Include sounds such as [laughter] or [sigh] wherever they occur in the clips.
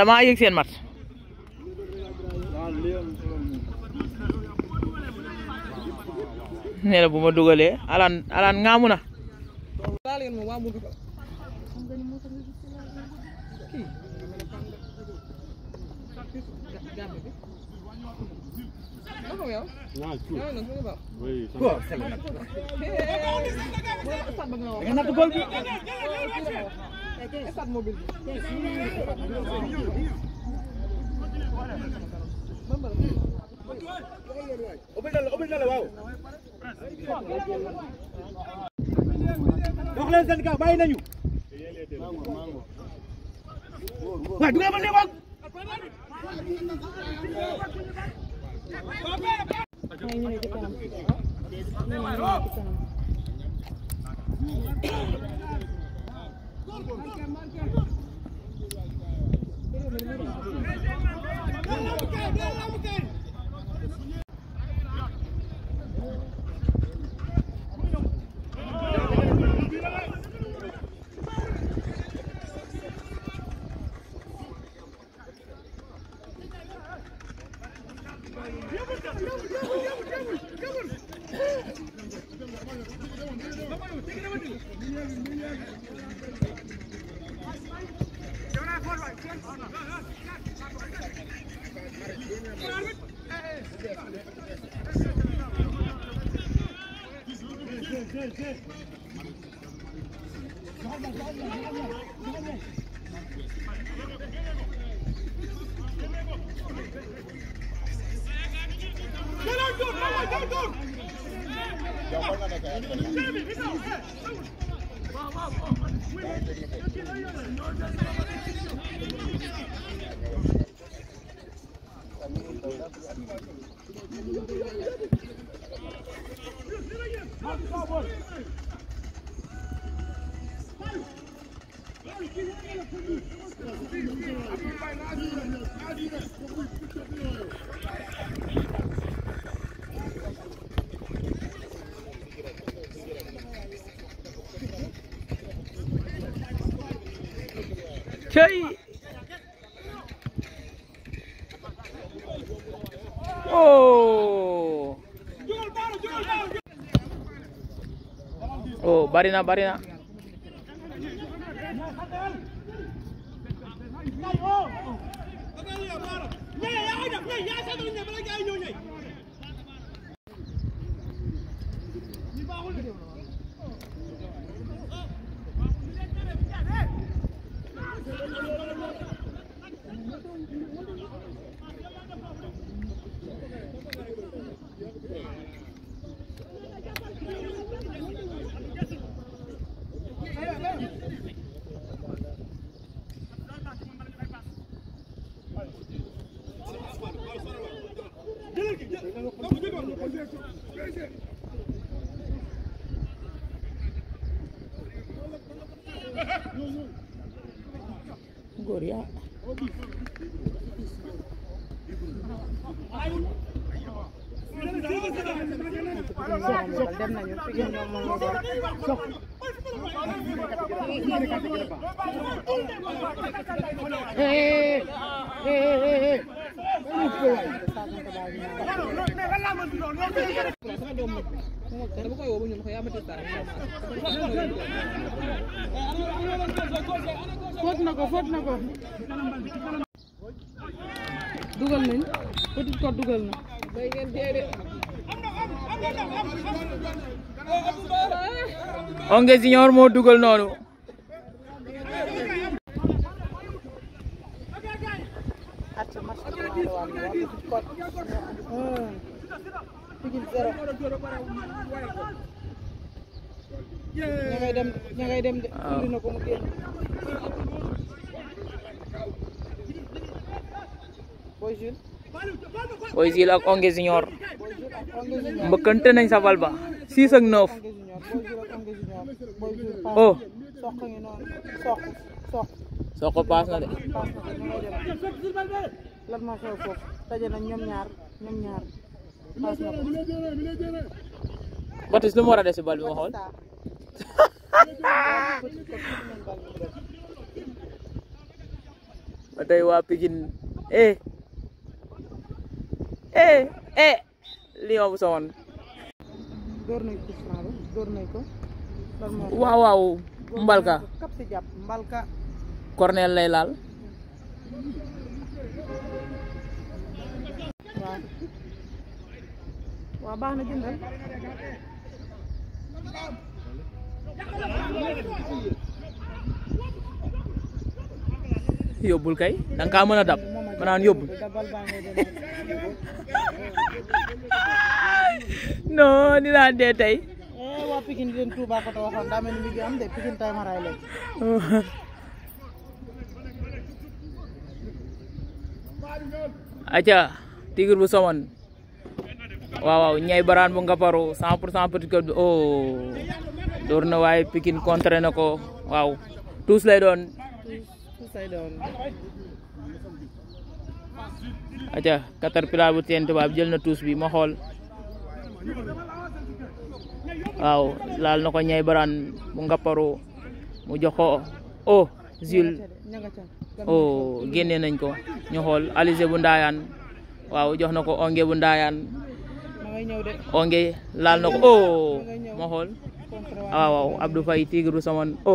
damaa yëg seen mat nee bu ma dugalee alaan alaan ngaamu na taxaw waaw cuur waaw nag mu ngi baax. oui sama nga natt góol bi. stade mobile bi. wax leen seen kaw bàyyi nañu. waaw du ngeen mën Vai, vai, vai. gel gel. Gel gel gel gel gel. Gel dur, gel dur. Ya bana ne kadar? Gel bir sağ. Vah vah vah. Thank you. Oh, barina, barina. dem nañu fii moom moom moo doon sox fóot na ko fóot na ko dugal nañ petit ko dugal na Ongué Junior moo dugal noonu ñangay dem ñangay dem de indi na génn Boy Jules ak Ongué Junior mbëkkante nañ sa bal ba six ak neuf oh de lan moo xew foofu ñoom ñaar ñoom ñaar mu war a si bal ma xool [laughs] ba waa Pikine eh eh eh li ko door waaw Mbalka. Mbalka. Cornel lay laal. yóbbul kay da nga mën a dab. ma naan no non dinaa dee Eh, waa Pikine di leen Touba ko ta waxoon mel ni mi am de Pikine tay ma ray léegi aca bu somon waaw ñay bu 100 oh dorna na pikin Pikine contré na tous lay tous lay aca caterpillar bu teen tubaab jël na tuus bi ma xool waaw laal na ko ñay baraan bu ngapparoo mu jox ko o oh, zul oh, génne nañ ko ñu xool alizé bu ndaayaan waaw jox na ko onge bu ndaayaan onge laal na ko o oh, ma waaw waaw Abdou Faye tigru saman o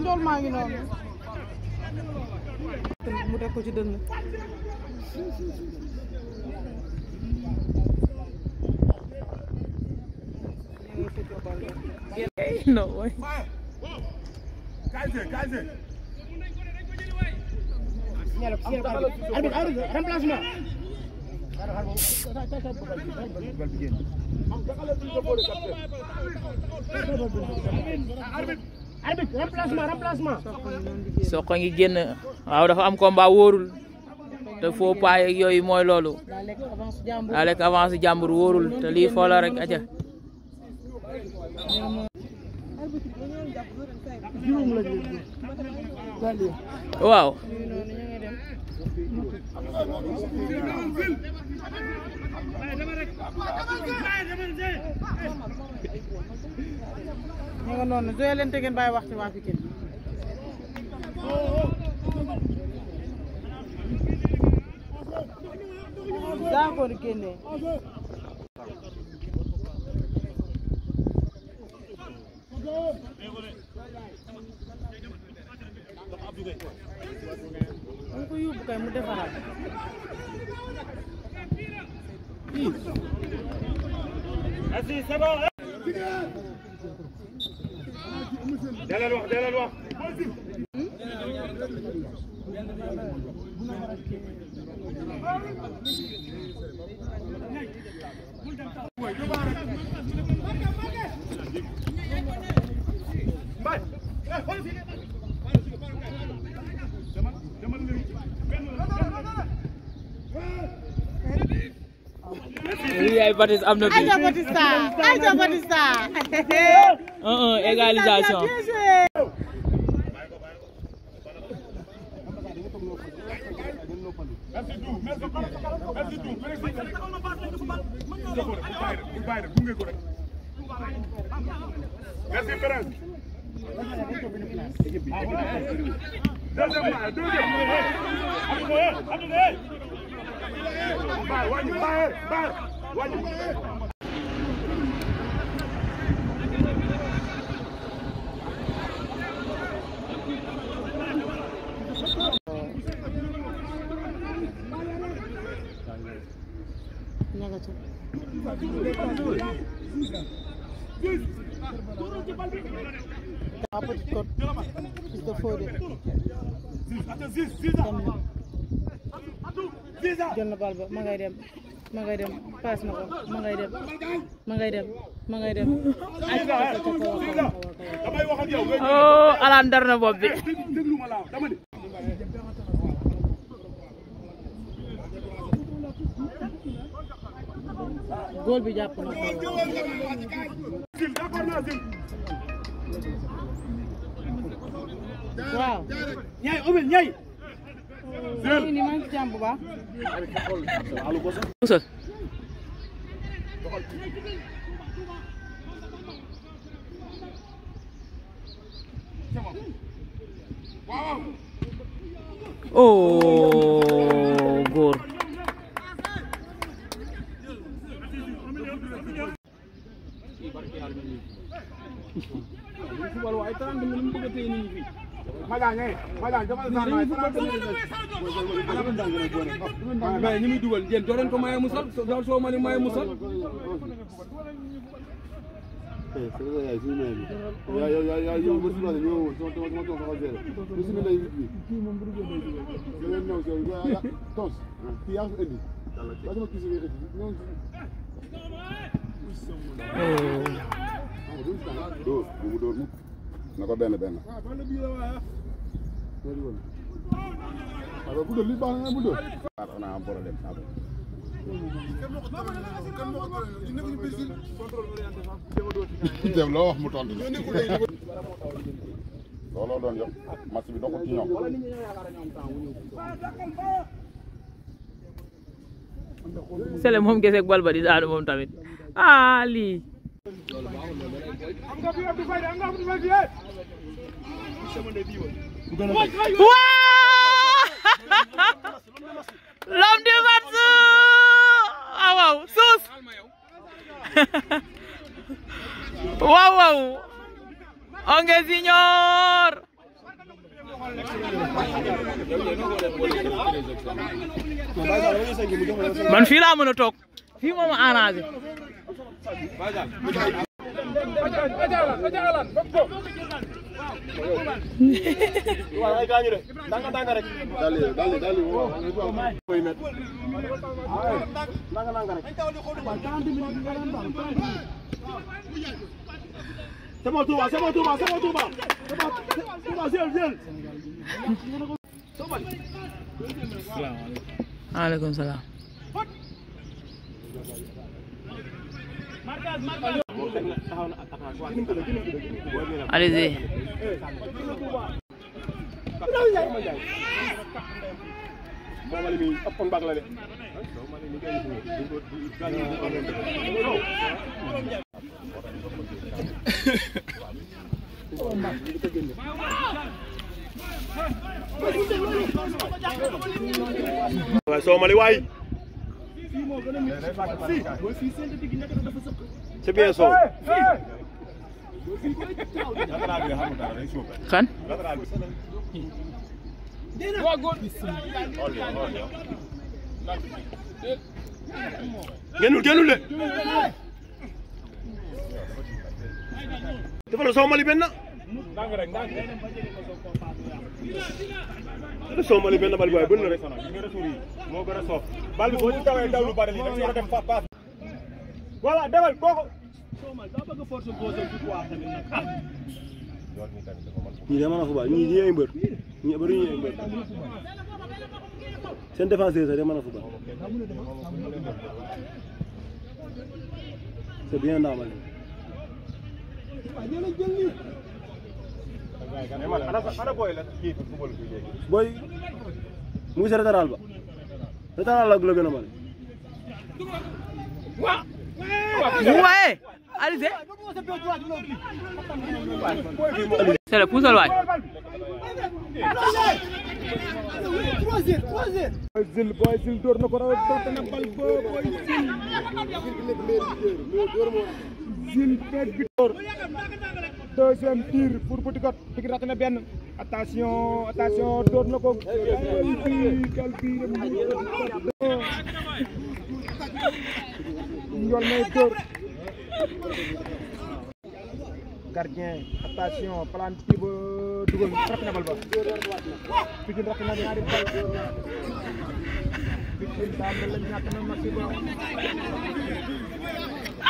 njool maa ngi noonu mu teg ci dënn no arbitre remplacement remplacement Sokh ah, a ngi génn waaw dafa am combat wóorul te faux pas yeeg yooyu avance te la rek aja waaw ñu nga noonu joye leen te ngeen bàyyi wax ci waa Pikine Sakor dalal wax dalal wax mbay yaay Batista am na fi ayca Batista ayca Opposite court is the forward. Jonn Balba ma ngay dem ma ngay dem pas oh, na ko ma ngay dem ma ngay dem oh alaan dar na bob bi góol bi jàpp na Nih, ñay ubbil ñay ni ma ngi ci jàmm bu 오. Madiagne Madiagne dafa la mais mais ñi muy dugal yéen doo leen ko maye musal doo soo ma ni maye musal na ko benn benn alors bu dul li baax na bu dul. waaw on a un problème ça va. Deme loo wax mu tontu la. looloo doon yokk match bi doxul ci ñoom. Sele moom gese bal ba di daanu moom tamit ah lii. am nga fi am du fay am nga am du fay Wow, L'homme Matsu! Ah waaw suus! waaw waaw. Onge Junior! man fii laa mën arrangé. waaw ay gaañu de danga danga rek. dali dali dali waaw. koy met. nanga nanga rek. c'est bon Touba c'est bon Touba c'est bon Touba. Touba jël jël. Waaleykum salaam. allez fii moo gën a métti fii mooy fii synthétique yi nekk ndànk rek ndànk rek. réseau Mali benn bal bi waaye na rek. moo gën a soof bal bi boo ci tawee daw lu bari li nga dem fa paas. voilà demal kooku. ñii dama na football ñii ñii ay mbër ñii bëri ñii ay mbër seen défenseur sax dama na football c'est bien normal mais man ana ana booy la kii football bi léegi. booy mu ngi si rétaral ba rétaral la la gën a mën. waaw. waaye. na ko raw doxte na bal booy zil. zil peeg deuxième tir pour Boutigot Cotte Petit Cotte raté attention attention door na ko njool may gardien attention plan ba dugal raté bal ba Pikine raté na bal Pikine daal la ñàkk na match ba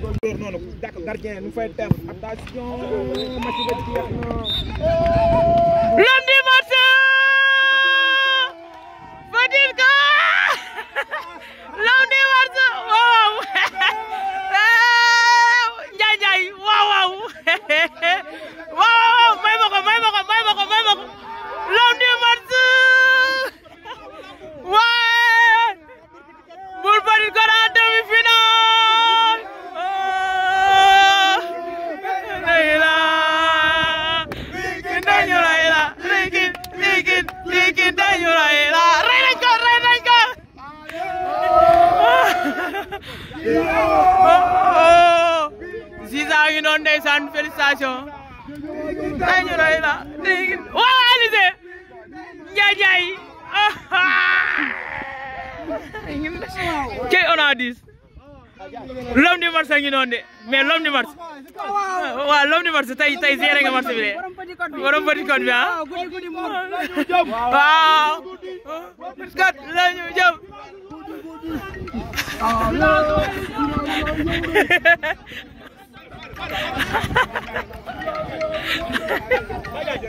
door noonu gardien nu fay def attention match ba jeex na lay la léegi waaw Alizé njaay njaay a dix l'homme du marché ngi noonu de mais l'homme du marché waaw l'homme du marché tey tey géré nga marché bi de borom bi ah waaw petit code [laughs] Vaya [laughs] de